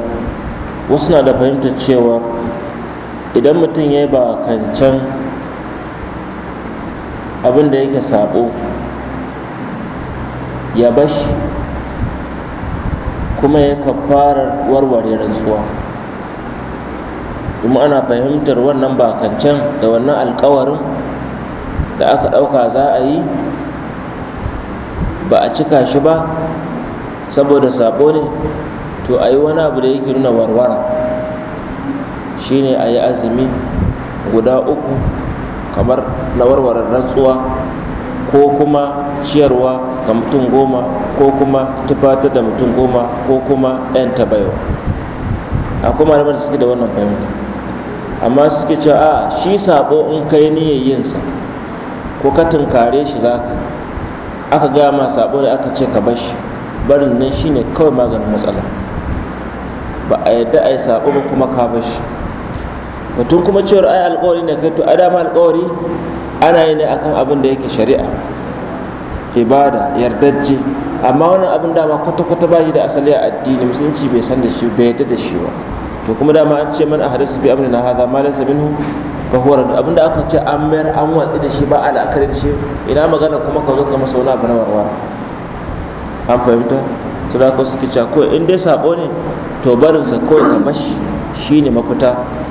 wasu na da fahimtar cewa idan mutum ya yi ba kancan abin da yake sabo ya bashi kuma ya kafarar warware rantsuwa kuma ana fahimtar wannan bakancan da wannan alkawarin da aka ɗauka za a yi ba a cika shi ba saboda sabo ne to a yi wani abu da yake nuna warwara shine a yi azumi guda uku kamar na warware rantsuwa ko kuma ciyarwa ga mutum goma ko kuma tufatar da mutum goma ko kuma 'yan tabayo akwai kuma da suke da wannan fahimta amma suke cewa a shi sabo in kai niyyar yinsa ko ka tunkare shi za ka aka gaya ma sabo da aka ce ka bar shi barin nan shine kawai maganin matsala ba a yadda a yi sabo ba kuma ka bar shi batun kuma cewar ai alkawari ne kai to a dama alkawari ana yi ne akan abin da yake shari'a ibada yardajje amma wannan abin dama kwata-kwata ba shi da asali a addini musulunci bai san da shi bai yadda da shi ba to kuma dama an ce man a bi amrina hadha ma laysa minhu fa huwa Abin da aka ce an mayar an watsi da shi ba a da shi ina magana kuma ka zo ka masa wani abu na an fahimta to da ka suke cewa ko in dai sabo ne to barinsa kawai ka bashi ne mafita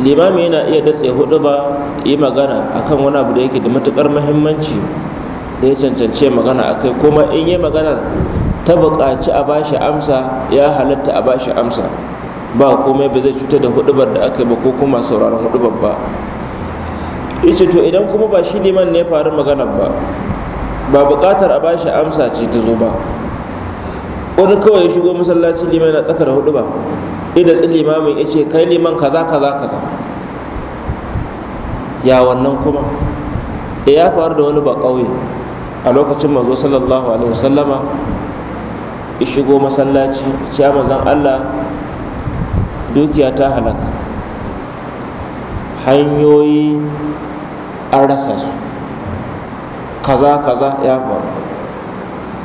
limami yana iya datse hudu ba yi magana akan wani abu da yake da matukar muhimmanci da ya cancance magana a kai, kuma in yi maganar ta buƙaci a bashi amsa ya halatta a bashi amsa ba komai ba zai cutar da hudubar da aka yi ba ko kuma sauraron hudubar ba ice to idan kuma ba shi liman ne faru magana ba ba buƙatar a bashi amsa ce ta zo ba wani kawai ya shigo masallaci liman na tsakar hudu ba ida tsin limamin ya ce kai liman kaza kaza kaza ya wannan kuma e ya faru da wani ba a lokacin manzo sallallahu alaihi wasallama ya shigo masallaci ya manzon Allah dukiya ta halaka hanyoyi an rasa su kaza kaza ya faru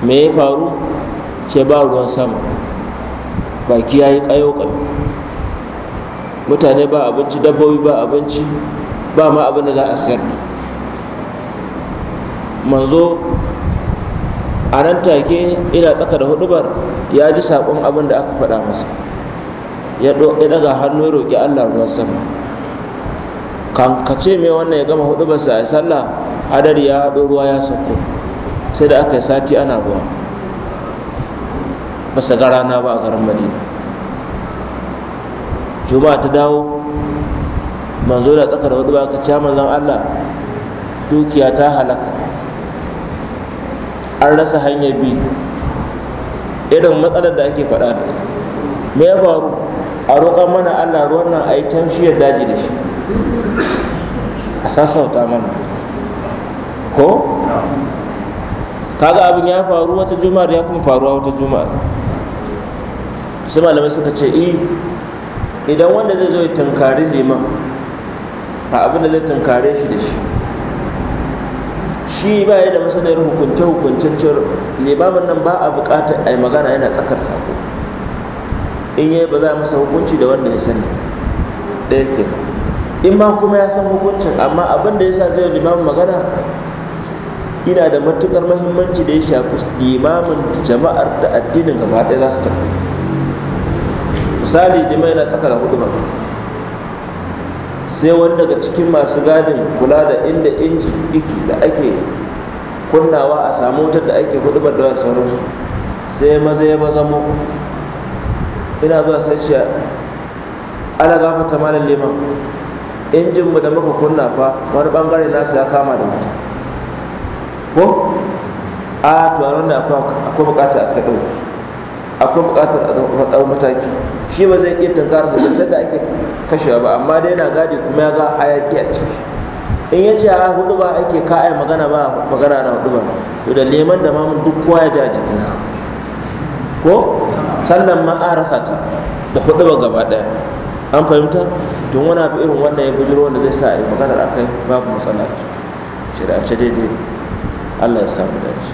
me ya faru ce ba ruwan sama baki ya yi kayo-kayo mutane ba abinci dabbobi ba abinci ba ma abin da za a sayar da manzo a nan take ina tsaka da hudubar ya ji saƙon abin da aka faɗa masa ya ɗaga hannu ya roƙi allah ruwan sama kankace mai wannan ya gama hudubarsa a sallah hadari ya haɗo ruwa ya sauko sai da aka yi sati ana ruwa ba su ba a garin madina juma'a ta dawo manzo da tsakar hudu ba ka ciya manzon allah dukiya ta halaka an rasa hanyar bi irin matsalar da ake faɗa da me ya faru a roƙar mana allah ruwan nan a yi can shi ya daji da shi a sassauta mana ko kaga abin ya faru wata juma'ar ya kuma faruwa wata juma'ar sai malamai suka ce eh idan wanda zai zo ya tunkari liman a abin da zai tunkare shi da shi shi ba ya da masaniyar hukunce hukuncen cewar limamin nan ba a bukata a yi magana yana tsakar sako in yi ba za a masa hukunci da wanda ya sani da yake in ma kuma ya san hukuncin amma abin da ya sa zai limamin magana ina da matukar mahimmanci da ya shafi limamin jama'ar da addinin gaba ɗaya za su tafi misali lima yana tsaka da hudu sai wani daga cikin masu gadin kula da inda inji iki da ake kunnawa a samu wutar da ake ba da sauransu sai maza ya maza mu ina zuwa sai ce ala ta malam liman injin mu da muka kunna fa wani bangare nasu ya kama da wuta ko a tuwaron da akwai bukata a kaɗauki. akwai bukatar a ɗau mataki shi ba zai iya tunkara su sai da ake kashewa ba amma dai yana gadi kuma ya ga hayaki a ciki in ya ce a hudu ba ake ka'ai magana ba magana na hudu ba to da leman da mamun duk kowa ya ji a jikinsa ko sannan ma ta da hudu ba gaba ɗaya an fahimta tun wani abu irin wannan ya bujiro wanda zai sa a yi maganar akai babu matsala a ciki daidai Allah ya samu dace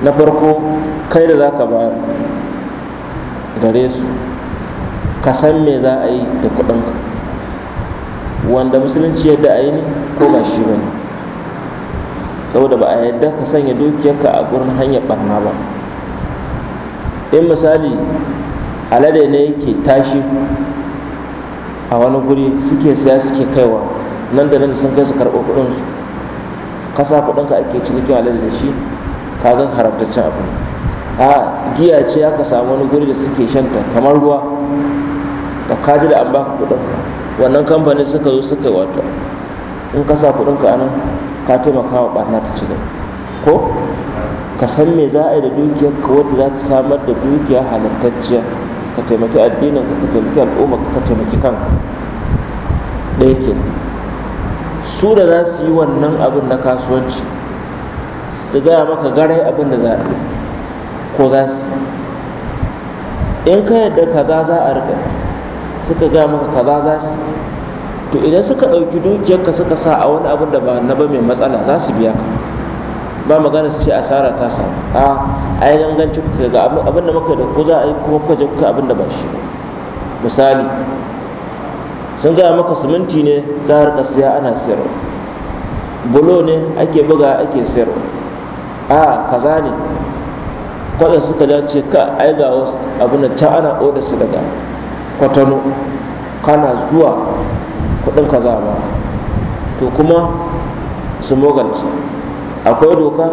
na farko kai da za ka ba gare su ka san me za a yi da kuɗinka wanda musulunci yadda a yi ne ko ba shi ba ne saboda ba a yadda ka sanya dukiyarka a gurin hanyar barna ba in misali alade ne yake tashi a wani guri suke siya suke kaiwa nan da nan sun kai su karɓo kuɗinsu kasa kuɗinka ake cinikin alade da shi kagan haramtaccen abu ne a giya ce aka samu wani guri da suke shanta kamar ruwa da kaji da an baka kudinka wannan kamfanin suka zo suka yi wato in ka sa kudinka a nan ka taimaka wa barna ta ci gaba ko ka san me za a yi da dukiyar ka wadda za ta samar da dukiya halittacciya ka taimaki addinin ka ka taimaki al'umma ka taimaki kanka ɗaya ke su da za su yi wannan abin na kasuwanci su gaya maka garai abin da za a ko za su in ka yadda kaza za a riƙa suka gaya maka kaza za su to idan suka ɗauki dukiyarka suka sa a wani abin da ba na ba mai matsala za su biya ka ba magana su ce asara ta samu a ai gangancin ku ga abin da muka da ko za a yi kuma kwaje kuka abin da ba shi misali sun gaya maka siminti ne za a rika siya ana siyarwa bulo ne ake buga ake siyarwa a kaza ne kwaɗin suka dace ka ai ga wasu abin ana odar su daga kwatano kana zuwa kuɗin kaza ba to kuma su mogalci akwai doka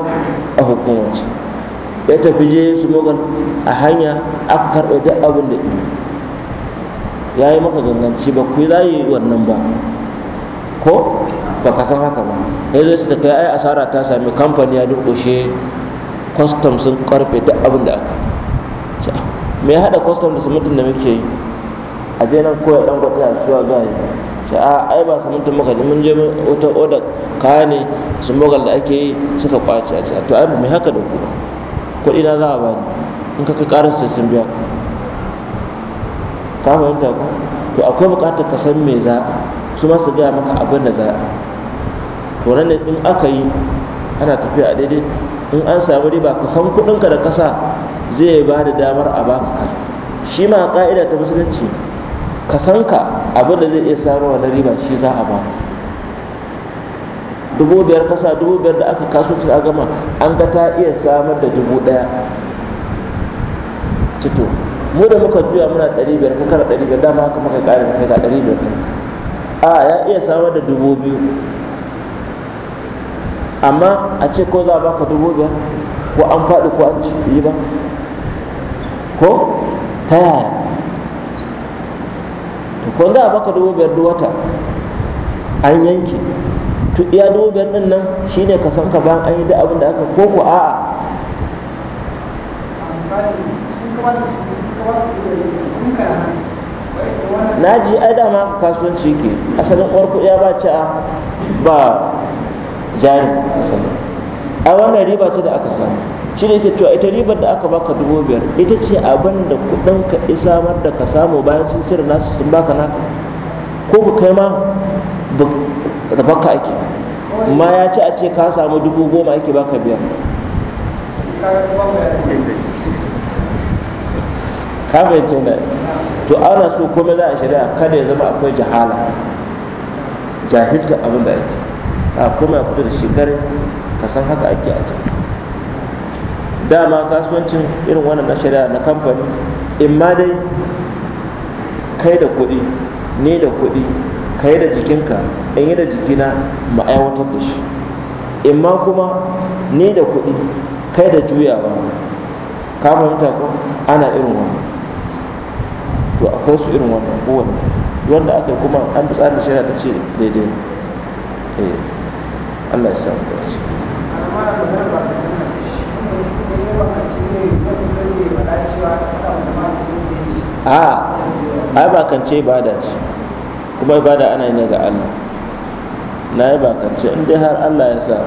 a hukumance ya tafi je su mogal a hanya aka karɓi duk abin da ya yi maka ganganci ba ku za yi wannan ba ko ba ka san haka ba ya zo su tafiya ai asara ta sami kamfani ya durƙushe kwastam sun karfe duk abin da aka ah, me ya haɗa kwastam da simintin da muke yi a jenar nan koya ɗan gwata a suwa zuwa ce a ah, ai ba simintin muka ji mun je wata oda kaya ne su mogal da ake yi suka kwace a ce to ai mai haka da ku kuɗi na za a bani in ka ka ƙarar sai sun biya ka fahimta ko to akwai buƙatar ka san me za a su ma su gaya maka abin da za a to ne in aka yi ana tafiya a daidai in an samu riba ka san kuɗinka da kasa zai ba da damar a baka kasa shi ma ka'ida ta musulunci ka san ka abin da zai iya samu na riba shi za a baka dubu biyar kasa dubu biyar da aka kaso ta gama an ga ta iya samar da dubu ɗaya cito mu da muka juya muna ɗari biyar kakar ɗari biyar dama haka muka ƙari kai ga ɗari biyar a ya iya samar da dubu biyu amma a ce ko za a baka dubu biyar ko an faɗi ko an ci ba ko ta yaya to ko za a baka dubu biyar duk wata an yanke to iya dubu biyar ɗin nan shi ne ka san ka bayan an yi da abin da aka ko ko a'a misali sun kama da su kama su da biyar na ji ai dama kasuwanci ke asalin uwar kuɗi ba a ba jari asalin a wannan riba ce da aka samu shi ne yake cewa ita ribar da aka baka dubu biyar ita ce abin da kuɗin ka mar da ka samu bayan sun cire nasu sun baka naka ko ku kai ma da baka ake ma ya ci a ce ka samu dubu goma ake baka biyar ka fahimce na to ana so komai za a shari'a kada ya zama akwai jahala jahilta abin da ake a komai a fito da shekare ka san haka ake a can dama kasuwancin irin wannan na shari'a na kamfani in ma dai kai da kuɗi ne da kuɗi ka yi da jikinka in yi da jikina ma aiwatar da shi in ma kuma ne da kuɗi kai da juyawa kamar fahimta ana irin wannan akwai su irin wannan kowanne wanda aka yi kuma an tsarin da shari'a ta ce daidai eh Allah ya samu shi. a ai ba kance ibada ce kuma ibada ana yi ne ga Allah na yi ba kance in dai har Allah ya sa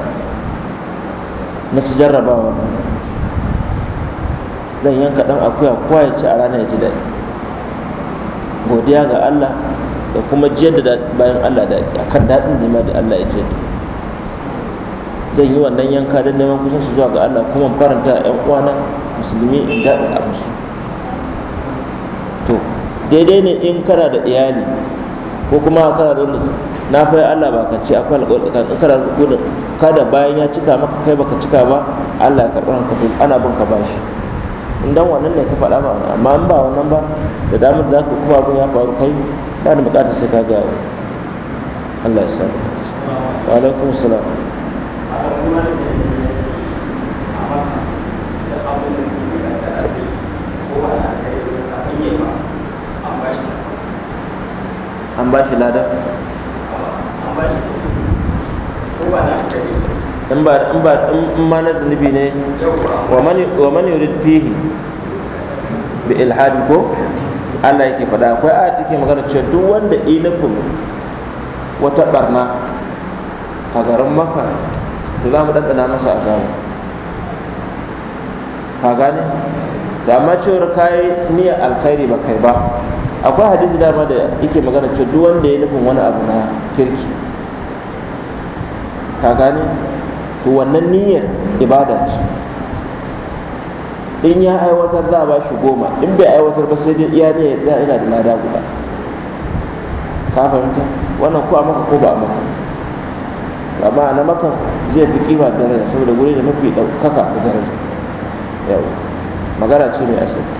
na ci jarrabawa zan yanka dan akuya kowa ya ci a ranar ya ji daɗi godiya ga Allah da kuma jiyar da bayan Allah da kan daɗin da ma da Allah ya jiyar zan yi wannan yanka don neman kusan su zuwa ga Allah kuma faranta yan uwana musulmi in daɗin a musu to daidai ne in kana da iyali ko kuma kana da wanda na fai Allah ba ka ce akwai alƙawari kan kana da kada bayan ya cika maka kai baka cika ba Allah ya karɓar ka ana bin ka bashi in dan wannan ne ka faɗa ba amma in ba wannan ba da damar da zaka kuma abin ya faru kai ba da bukatar sai ka ga Allah ya sa wa alaikum salam an ba shi lada? an ba shi lada. na in ba in ba in ma na zunubi ne wa man wa man yurid fihi bi ilhadi ko Allah yake faɗa akwai a take magana cewa duk wanda inafin wata barna a garin maka to za mu ɗanɗana masa azaba ka gane da amma cewar kayi niyyar alkhairi ba kai ba akwai hadisi dama da yake magana cewa duk wanda ya nufin wani abu na kirki ka gane to wannan niyyar ibada ce in ya aiwatar za a ba shi goma in bai aiwatar ba sai dai iya ne ya tsaya ina da lada guda ka fahimta wannan ko a maka ko ba a maka amma na maka zai fi kima daraja saboda wuri da mafi ɗaukaka da daraja yau magana ce mai asali